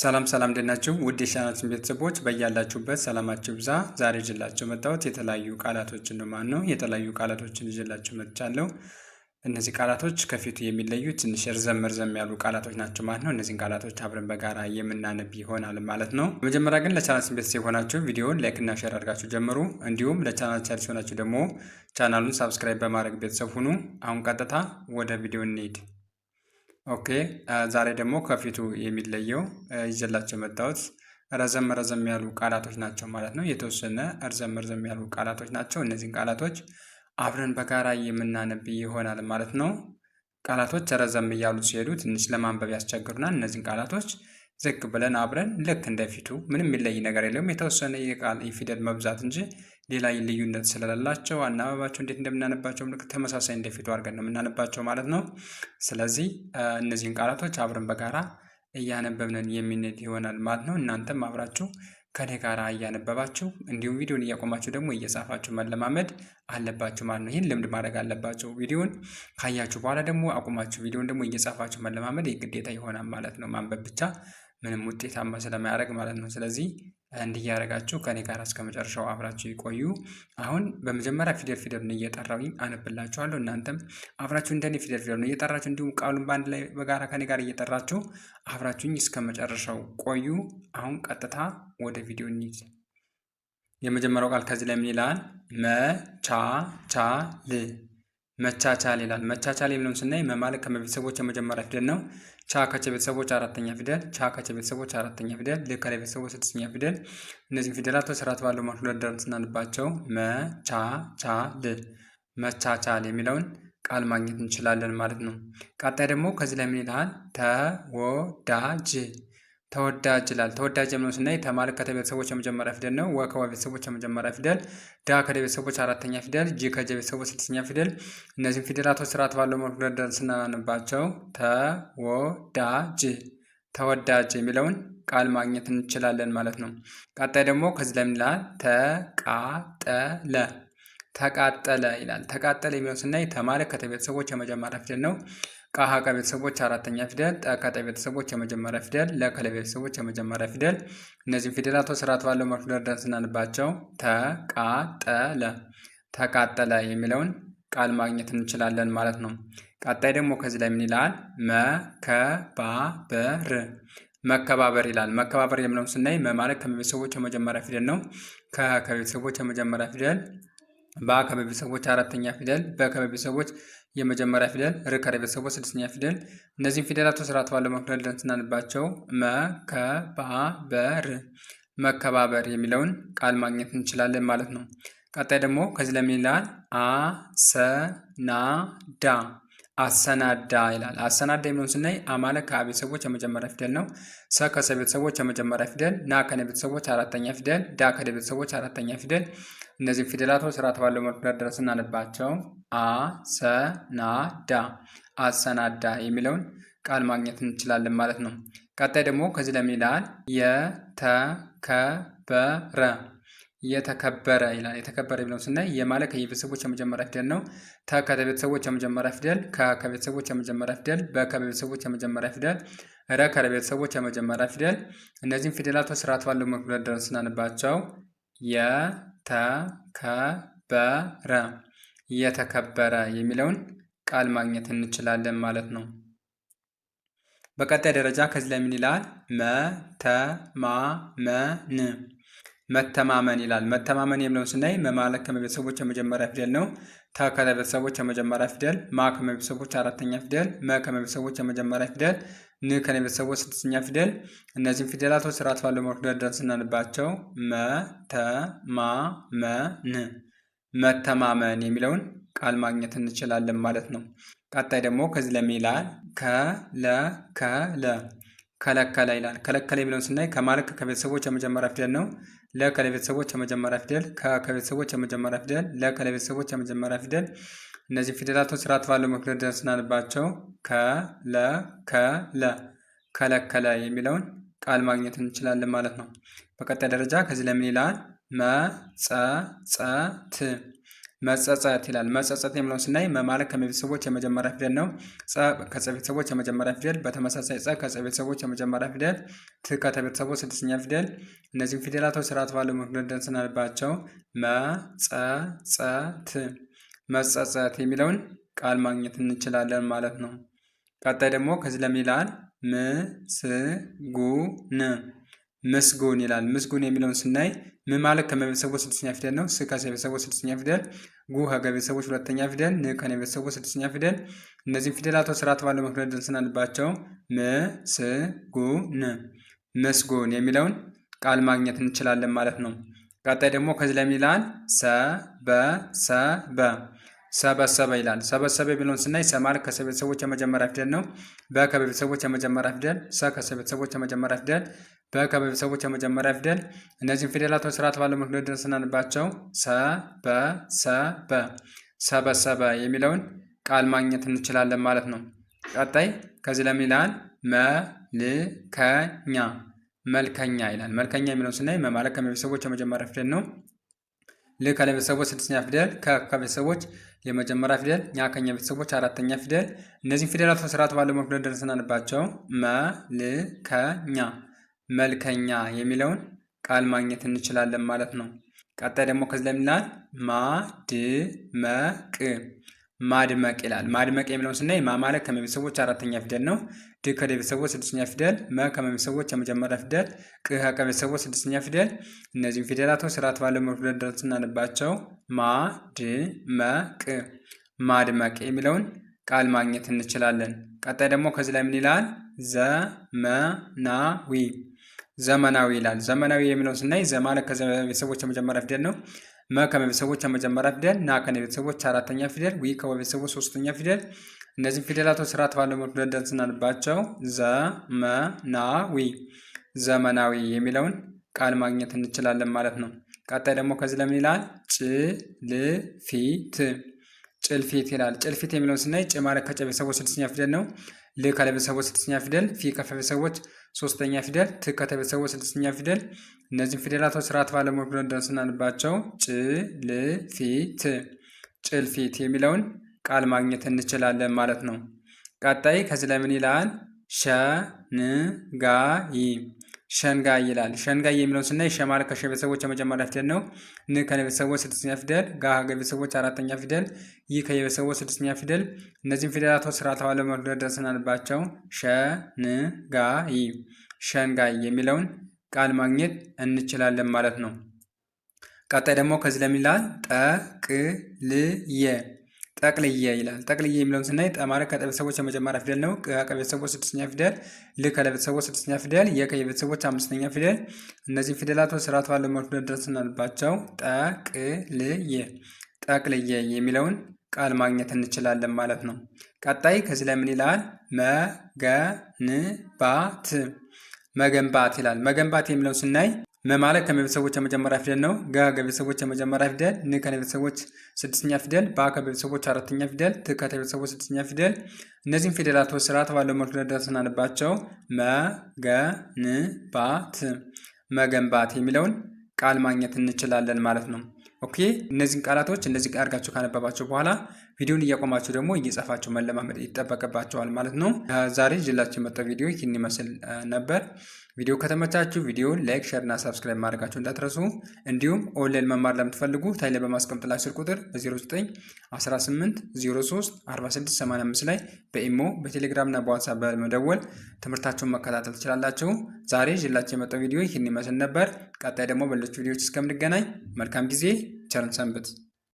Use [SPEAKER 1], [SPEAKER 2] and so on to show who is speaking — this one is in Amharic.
[SPEAKER 1] ሰላም ሰላም ደናችሁ ውድ የቻናላችን ቤተሰቦች በያላችሁበት ሰላማችሁ ብዛ። ዛሬ ይዤላችሁ መጣሁት የተለያዩ ቃላቶችን ነው ማለት ነው። የተለያዩ ቃላቶችን ይዤላችሁ መጥቻለሁ። እነዚህ ቃላቶች ከፊቱ የሚለዩ ትንሽ ርዘም እርዘም ያሉ ቃላቶች ናቸው ማለት ነው። እነዚህን ቃላቶች አብረን በጋራ የምናነብ ይሆናል ማለት ነው። በመጀመሪያ ግን ለቻናላችን ቤተሰብ የሆናችሁ ቪዲዮን ላይክና ሼር አድርጋችሁ ጀምሩ። እንዲሁም ለቻናላችን አዲስ የሆናችሁ ደግሞ ቻናሉን ሳብስክራይብ በማድረግ ቤተሰብ ሁኑ። አሁን ቀጥታ ወደ ቪዲዮ እንሄድ። ኦኬ ዛሬ ደግሞ ከፊቱ የሚለየው ይዘላቸው መጣሁት ረዘም ረዘም ያሉ ቃላቶች ናቸው ማለት ነው። የተወሰነ ረዘም ረዘም ያሉ ቃላቶች ናቸው። እነዚህን ቃላቶች አብረን በጋራ የምናነብ ይሆናል ማለት ነው። ቃላቶች ረዘም እያሉ ሲሄዱ ትንሽ ለማንበብ ያስቸግሩናል። እነዚህን ቃላቶች ዝቅ ብለን አብረን ልክ እንደፊቱ ምንም የሚለይ ነገር የለውም። የተወሰነ የቃል የፊደል መብዛት እንጂ ሌላ ልዩነት ስለሌላቸው አናባባቸው እንዴት እንደምናነባቸው ምልክት ተመሳሳይ እንደፊቱ አድርገን ነው የምናነባቸው ማለት ነው። ስለዚህ እነዚህን ቃላቶች አብረን በጋራ እያነበብነን የሚንድ ይሆናል ማለት ነው። እናንተም አብራችሁ ከኔ ጋር እያነበባችሁ እንዲሁም ቪዲዮን እያቆማችሁ ደግሞ እየጻፋችሁ መለማመድ አለባችሁ ማለት ነው። ይህን ልምድ ማድረግ አለባቸው። ቪዲዮን ካያችሁ በኋላ ደግሞ አቁማችሁ ቪዲዮን ደግሞ እየጻፋችሁ መለማመድ የግዴታ ይሆናል ማለት ነው። ማንበብ ብቻ ምንም ውጤታማ ስለማያደርግ ማለት ነው። ስለዚህ እንዲህ ከኔ ጋር እስከ መጨረሻው አብራችሁ ይቆዩ። አሁን በመጀመሪያ ፊደል ፊደል እየጠራሁኝ አነብላችኋለሁ። እናንተም አብራችሁ እንደኔ ፊደል ነው እየጠራችሁ እንዲሁም ቃሉን በአንድ ላይ በጋራ ከኔ ጋር እየጠራችሁ አብራችሁኝ እስከ መጨረሻው ቆዩ። አሁን ቀጥታ ወደ ቪዲዮ እንሂድ። የመጀመሪያው ቃል ከዚህ ላይ ምን ይላል? መቻቻል መቻቻል ይላል። መቻቻል የሚለውን ስናይ መማለክ ከመቤተሰቦች የመጀመሪያ ፊደል ነው። ቻ ከቸ ቤተሰቦች አራተኛ ፊደል፣ ቻ ከቸ ቤተሰቦች አራተኛ ፊደል፣ ል ከለ ቤተሰቦች ስድስተኛ ፊደል። እነዚህም ፊደላት ስርዓት ባለው መልኩ ደርድረን ስናነባቸው መቻቻል መቻቻል የሚለውን ቃል ማግኘት እንችላለን ማለት ነው። ቀጣይ ደግሞ ከዚህ ላይ ምን ይልሃል? ተወዳጅ ተወዳጅ ይላል። ተወዳጅ የምለው ስናይ ተማል ከተቤተሰቦች የመጀመሪያ ፊደል ነው። ወ ቤተሰቦች የመጀመሪያ ፊደል፣ ዳ ከቤተሰቦች አራተኛ ፊደል፣ ጂ ከቤተሰቦች ስድስተኛ ፊደል። እነዚህም ፊደላቶች ስርዓት ባለው መልኩ ደርድረን ስናነባቸው ተወዳጅ ተወዳጅ የሚለውን ቃል ማግኘት እንችላለን ማለት ነው። ቀጣይ ደግሞ ከዚህ ላይ ተቃጠለ ተቃጠለ ይላል። ተቃጠለ የሚለው ስናይ ተማል ከተቤተሰቦች የመጀመሪያ ፊደል ነው። ቃሀ ቤተሰቦች አራተኛ ፊደል፣ ጠ ቤተሰቦች የመጀመሪያ ፊደል፣ ለከለ ቤተሰቦች የመጀመሪያ ፊደል። እነዚህም ፊደላት ስርዓት ባለው መልኩ ደርደን ስናነባቸው ተቃጠለ ተቃጠለ የሚለውን ቃል ማግኘት እንችላለን ማለት ነው። ቀጣይ ደግሞ ከዚህ ላይ ምን ይላል? መከባበር መከባበር ይላል። መከባበር የምለውን ስናይ መማለት ማለት ከቤተሰቦች የመጀመሪያ ፊደል ነው። ከ ከቤተሰቦች የመጀመሪያ ፊደል ባ ከቤተሰቦች አራተኛ ፊደል፣ በ ከቤተሰቦች የመጀመሪያ ፊደል፣ ር ከቤተሰቦች ስድስተኛ ፊደል። እነዚህም ፊደላት ስርዓት ባለው መክለል ስናነባቸው መከባበር መከባበር የሚለውን ቃል ማግኘት እንችላለን ማለት ነው። ቀጣይ ደግሞ ከዚህ ለምን ይላል አሰናዳ አሰናዳ ይላል። አሰናዳ የሚለውን ስናይ አማለ ከቤተሰቦች የመጀመሪያ ፊደል ነው። ሰ ከሰ ቤተሰቦች የመጀመሪያ ፊደል፣ ና ከነ ቤተሰቦች አራተኛ ፊደል፣ ዳ ከደ ቤተሰቦች አራተኛ ፊደል። እነዚህ ፊደላቶች ስርዓት ባለው መልኩ ደርድረን ስናነባቸው አሰናዳ አሰናዳ የሚለውን ቃል ማግኘት እንችላለን ማለት ነው። ቀጣይ ደግሞ ከዚህ ለምን ይላል የተከበረ የተከበረ ይላል። የተከበረ ብለው ስናይ የማለ ከየቤተሰቦች የመጀመሪያ ፊደል ነው። ተ ከቤተሰቦች የመጀመሪያ ፊደል፣ ከ ከቤተሰቦች የመጀመሪያ ፊደል፣ በ ከቤተሰቦች የመጀመሪያ ፊደል፣ ረ ከቤተሰቦች የመጀመሪያ ፊደል። እነዚህም ፊደላት ስርዓት ባለው መልኩ ደርድረን ስናነባቸው የተከበረ የተከበረ የሚለውን ቃል ማግኘት እንችላለን ማለት ነው። በቀጣይ ደረጃ ከዚህ ላይ ምን ይላል? መተማመን መተማመን ይላል። መተማመን የሚለውን ስናይ መማለክ ከመቤተሰቦች የመጀመሪያ ፊደል ነው። ተ ከቤተሰቦች የመጀመሪያ ፊደል፣ ማ ከመቤተሰቦች አራተኛ ፊደል፣ መ ከመቤተሰቦች የመጀመሪያ ፊደል፣ ን ከቤተሰቦች ስድስተኛ ፊደል። እነዚህም ፊደላቶች ስርዓት ባለው መልኩ ደርድረን ስናንባቸው መተማመን መተማመን የሚለውን ቃል ማግኘት እንችላለን ማለት ነው። ቀጣይ ደግሞ ከዚህ ለሚላል ከለከለ ከለከለ ይላል። ከለከለ የሚለውን ስናይ ከማልክ ከቤተሰቦች የመጀመሪያ ፊደል ነው። ቤተሰቦች የመጀመሪያ ፊደል፣ ከከቤተሰቦች የመጀመሪያ ፊደል፣ ለከለቤተሰቦች የመጀመሪያ ፊደል። እነዚህ ፊደላቶች ስርዓት ባለው መክደር ደን ስናነባቸው ከለከለ ከለከለ የሚለውን ቃል ማግኘት እንችላለን ማለት ነው። በቀጣይ ደረጃ ከዚህ ለምን ይላል መጸጸት መጸጸት ይላል። መጸጸት የሚለውን ስናይ መማለት ከቤተሰቦች የመጀመሪያ ፊደል ነው። ጸ ከቤተሰቦች የመጀመሪያ ፊደል፣ በተመሳሳይ ጸ ከቤተሰቦች የመጀመሪያ ፊደል፣ ት ከተቤተሰቦች ስድስተኛ ፊደል። እነዚህም ፊደላቶች ስርዓት ባለው ምክንደን ስናልባቸው መጸጸት መጸጸት የሚለውን ቃል ማግኘት እንችላለን ማለት ነው። ቀጣይ ደግሞ ከዚህ ለሚላል ምስጉን መስጎን ይላል። መስጎን የሚለውን ስናይ ም ማለት ከመቤተሰቡ ስድስተኛ ፊደል ነው። ስ ከሰቤተሰቡ ስድስተኛ ፊደል፣ ጉ ከገቤተሰቦች ሁለተኛ ፊደል፣ ን ከነቤተሰቡ ስድስተኛ ፊደል። እነዚህም ፊደላት ስርዓት ባለው መክነት ደርሰናልባቸው ም ስ መስጎን የሚለውን ቃል ማግኘት እንችላለን ማለት ነው። ቀጣይ ደግሞ ከዚህ ላይ ይላል ሰበሰበ ሰበሰበ ይላል። ሰበሰበ የሚለውን ስናይ ሰ ማለት ከሰቤተሰቦች የመጀመሪያ ፊደል ነው። በ ከቤተሰቦች የመጀመሪያ ፊደል፣ ሰ ከሰቤተሰቦች የመጀመሪያ ፊደል በ ከቤተሰቦች የመጀመሪያ ፊደል። እነዚህም ፊደላትን ስርዓት ባለው መልኩ ደርድረን ስናነባቸው ሰ በ ሰ በ ሰበሰበ የሚለውን ቃል ማግኘት እንችላለን ማለት ነው። ቀጣይ ከዚህ ለምን ይላል? መልከኛ መልከኛ ይላል። መልከኛ የሚለውን ስናይ መማለት ከቤተሰቦች የመጀመሪያ ፊደል ነው። ል ከቤተሰቦች ስድስተኛ ፊደል፣ ከ ከቤተሰቦች የመጀመሪያ ፊደል፣ ኛ ከኛ ቤተሰቦች አራተኛ ፊደል። እነዚህ ፊደላት ስርዓት ባለው መልኩ ደርድረን ስናነባቸው መልከኛ መልከኛ የሚለውን ቃል ማግኘት እንችላለን ማለት ነው። ቀጣይ ደግሞ ከዚህ ለሚላል ማድመቅ ማድመቅ ይላል። ማድመቅ የሚለውን ስናይ ማ ማለት ከመቤተሰቦች አራተኛ ፊደል ነው። ድ ከደቤተሰቦች ስድስተኛ ፊደል፣ መ ከመቤተሰቦች የመጀመሪያ ፊደል፣ ቅ ከቤተሰቦች ስድስተኛ ፊደል። እነዚህም ፊደላቶች ስርዓት ባለ መልኩ ደርድረን ስናነባቸው ማድመቅ ማድመቅ የሚለውን ቃል ማግኘት እንችላለን። ቀጣይ ደግሞ ከዚህ ላይ ምን ይላል? ዘመናዊ ዘመናዊ ይላል። ዘመናዊ የሚለውን ስናይ ዘማለ ከቤተሰቦች የመጀመሪያ ፊደል ነው። መ ከመቤተሰቦች የመጀመሪያ ፊደል፣ ና ከቤተሰቦች አራተኛ ፊደል፣ ዊ ከመቤተሰቦች ሶስተኛ ፊደል። እነዚህም ፊደላቶች ስርዓት ባለው መልኩ ደርድረን ስናነባቸው ዘመናዊ ዘመናዊ የሚለውን ቃል ማግኘት እንችላለን ማለት ነው። ቀጣይ ደግሞ ከዚህ ለምን ይላል ጭልፊት ጭልፊት ይላል። ጭልፊት የሚለውን ስናይ ጭ ማለት ከጨ ቤተሰቦች ስድስተኛ ፊደል ነው። ል ካለ ቤተሰቦች ስድስተኛ ፊደል፣ ፊ ከፈ ቤተሰቦች ሶስተኛ ፊደል፣ ት ከተ ቤተሰቦች ስድስተኛ ፊደል። እነዚህም ፊደላቶች ስርዓት ባለመሆን ብለን ደርስ እናንባቸው። ጭልፊት ጭልፊት የሚለውን ቃል ማግኘት እንችላለን ማለት ነው። ቀጣይ ከዚህ ለምን ይላል? ሸንጋይ ሸንጋይ ይላል። ሸንጋይ የሚለውን ስናይ ሸ ከሸ ቤተሰቦች የመጀመሪያ ፊደል ነው። ን ከነቤተሰቦች ስድስተኛ ፊደል፣ ጋ ቤተሰቦች አራተኛ ፊደል፣ ይ ከየቤተሰቦች ስድስተኛ ፊደል። እነዚህም ስራ ተዋለ ባለመደር ደርሰናልባቸው ሸንጋይ ሸንጋይ የሚለውን ቃል ማግኘት እንችላለን ማለት ነው። ቀጣይ ደግሞ ከዚህ ለሚላል ጠቅልየ ጠቅልዬ ይላል። ጠቅልዬ የሚለውን ስናይ ጠ ማለት ከጠቤተሰቦች የመጀመሪያ ፊደል ነው። ከቤተሰቦች ስድስተኛ ፊደል፣ ል ከለቤተሰቦች ስድስተኛ ፊደል፣ የ ከየቤተሰቦች አምስተኛ ፊደል። እነዚህ ፊደላቶች ስርዓት ባለው መልኩ ድረስ እናነባቸው። ጠቅልዬ ጠቅልዬ የሚለውን ቃል ማግኘት እንችላለን ማለት ነው። ቀጣይ ከዚህ ላይ ምን ይላል? መገንባት መገንባት ይላል። መገንባት የሚለውን ስናይ መ ማለት ከመቤተሰቦች የመጀመሪያ ፊደል ነው። ገ ከቤተሰቦች የመጀመሪያ ፊደል፣ ን ከቤተሰቦች ስድስተኛ ፊደል፣ ባ ከቤተሰቦች አራተኛ ፊደል፣ ት ከቤተሰቦች ስድስተኛ ፊደል። እነዚህም ፊደላቶች ስርዓት ባለው መልኩ ደርድረን ስናነባቸው መ ን ባ መገንባት የሚለውን ቃል ማግኘት እንችላለን ማለት ነው። ኦኬ እነዚህን ቃላቶች እንደዚህ አድርጋችሁ ካነበባቸው በኋላ ቪዲዮን እያቆማችሁ ደግሞ እየጻፋችሁ መለማመድ ይጠበቅባቸዋል ማለት ነው። ዛሬ ጅላችሁ የመጣው ቪዲዮ ይህን ይመስል ነበር። ቪዲዮ ከተመቻችሁ ቪዲዮ ላይክ፣ ሼር እና ሰብስክራይብ ማድረጋችሁ እንዳትረሱ። እንዲሁም ኦንላይን መማር ለምትፈልጉ በማስቀምጥ ላይ በማስቀምጥላችሁ ስልክ ቁጥር በ09 03 ላይ በኢሞ በቴሌግራም እና በዋትሳፕ በመደወል ትምህርታችሁን መከታተል ትችላላችሁ። ዛሬ ጅላችሁ የመጣው ቪዲዮ ይህን ይመስል ነበር። ቀጣይ ደግሞ በሌሎች ቪዲዮዎች እስከምንገናኝ መልካም ጊዜ፣ ቸርን ሰንብት።